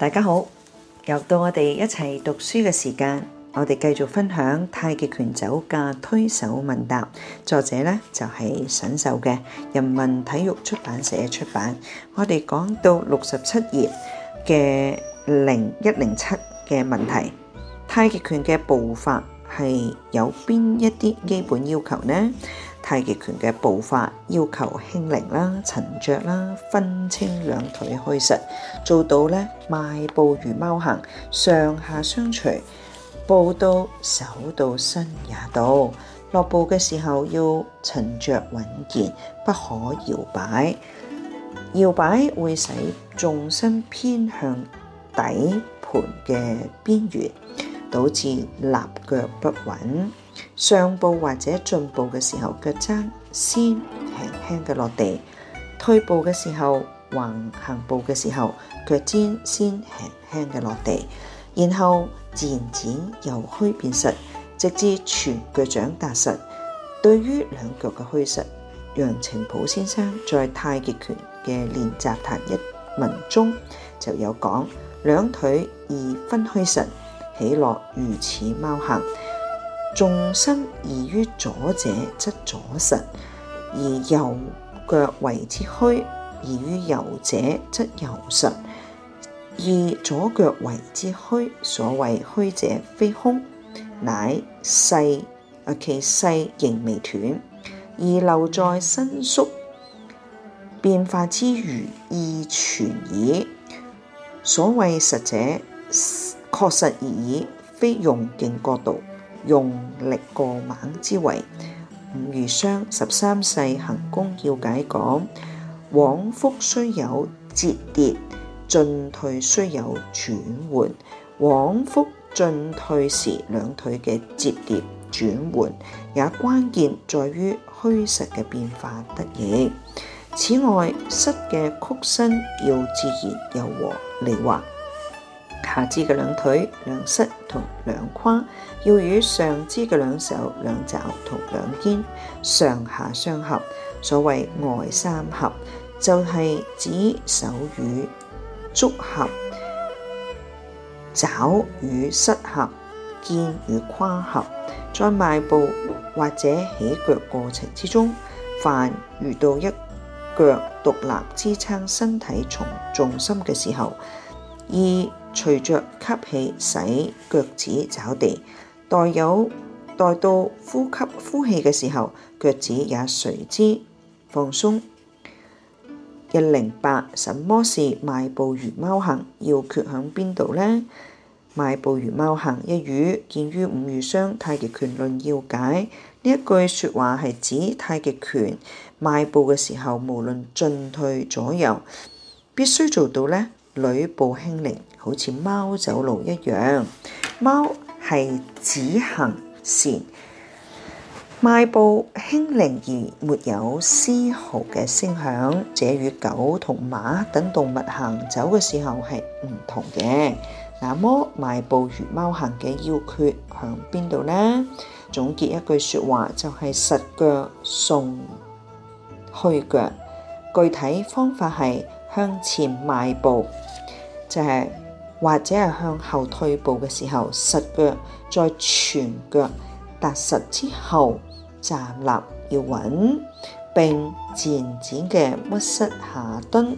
大家好，又到我哋一齊讀書嘅時間，我哋繼續分享太極拳走架推手問答，作者咧就係沈壽嘅人民體育出版社出版。我哋講到六十七頁嘅零一零七嘅問題，太極拳嘅步法係有邊一啲基本要求呢？太極拳嘅步伐，要求輕靈啦、沉着啦、分清兩腿虛實，做到咧邁步如貓行，上下相隨，步到手到身也到。落步嘅時候要沉着穩健，不可搖擺。搖擺會使重心偏向底盤嘅邊緣，導致立腳不穩，上步或者進步嘅時候，腳踭先輕輕嘅落地；退步嘅時候、橫行步嘅時候，腳尖先輕輕嘅落地，然後自然轉由虛變實，直至全腳掌踏實。對於兩腳嘅虛實，楊澄甫先生在《太極拳嘅練習談》一文中就有講：兩腿宜分虛實。起落如此貓行，重心宜於左者則左實，而右腳為之虛；宜於右者則右實，而左腳為之虛。所謂虛者，非空，乃細，其、okay，細仍未斷，而留在伸縮變化之餘意存矣。所謂實者，確實而已，非用勁角度、用力過猛之為。吳如霜十三世行功要解講，「往復須有折疊，進退須有轉換，往復進退時兩腿嘅折疊轉換，也關鍵在於虛實嘅變化得益。」此外，膝嘅曲伸要自然柔和利滑。下肢嘅兩腿、兩膝同兩胯要與上肢嘅兩手、兩肘同兩肩上下相合，所謂外三合就係、是、指手與足合、肘與膝合、肩與胯合。在邁步或者起腳過程之中，凡遇到一腳獨立支撐身體重重心嘅時候，二。隨着吸氣，使腳趾、抓地，待有待到呼吸呼氣嘅時候，腳趾也隨之放鬆。一零八，什麼是邁步如貓行？要訣響邊度呢？「邁步如貓行一語見於武禹襄《太極拳論要解》呢一句説話係指太極拳邁步嘅時候，無論進退左右，必須做到呢。」履步輕靈，好似貓走路一樣。貓係隻行善，邁步輕靈而沒有絲毫嘅聲響，這與狗同馬等動物行走嘅時候係唔同嘅。那麼邁步如貓行嘅要訣喺邊度呢？總結一句說話就係實腳送虛腳，具體方法係。向前邁步，就係、是、或者係向後退步嘅時候，實腳在全腳踏實之後站立，要穩，並漸漸嘅屈膝下蹲，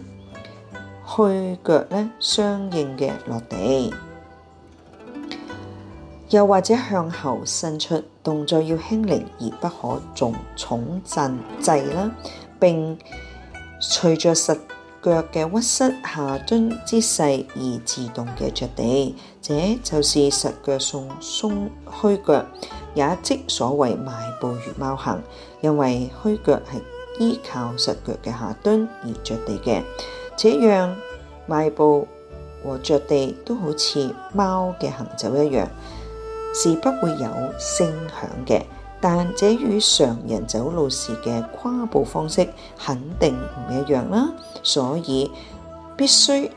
虛腳咧相應嘅落地，又或者向後伸出，動作要輕靈而不可重，重鎮滯啦，並隨着實腳嘅屈膝下蹲之勢而自動嘅着地，這就是實腳送鬆虛腳，也即所謂邁步如貓行。因為虛腳係依靠實腳嘅下蹲而着地嘅，這樣邁步和着地都好似貓嘅行走一樣，是不會有聲響嘅。但這與常人走路時嘅跨步方式肯定唔一樣啦，所以必須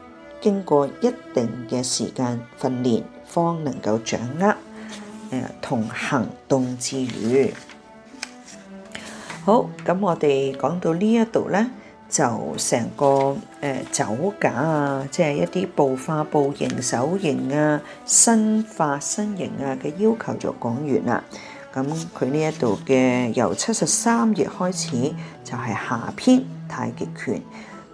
經過一定嘅時間訓練，方能夠掌握誒同行動自如。好，咁我哋講到呢一度呢，就成個誒走架啊，即係一啲步法、步型、手型啊、身法、身型啊嘅要求就講完啦。咁佢呢一度嘅由七十三頁開始就係下篇太極拳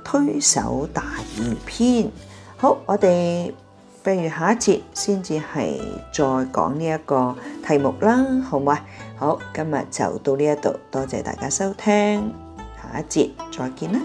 推手第二篇，好，我哋譬如下一節先至係再講呢一個題目啦，好唔好啊？好，今日就到呢一度，多謝大家收聽，下一節再見啦。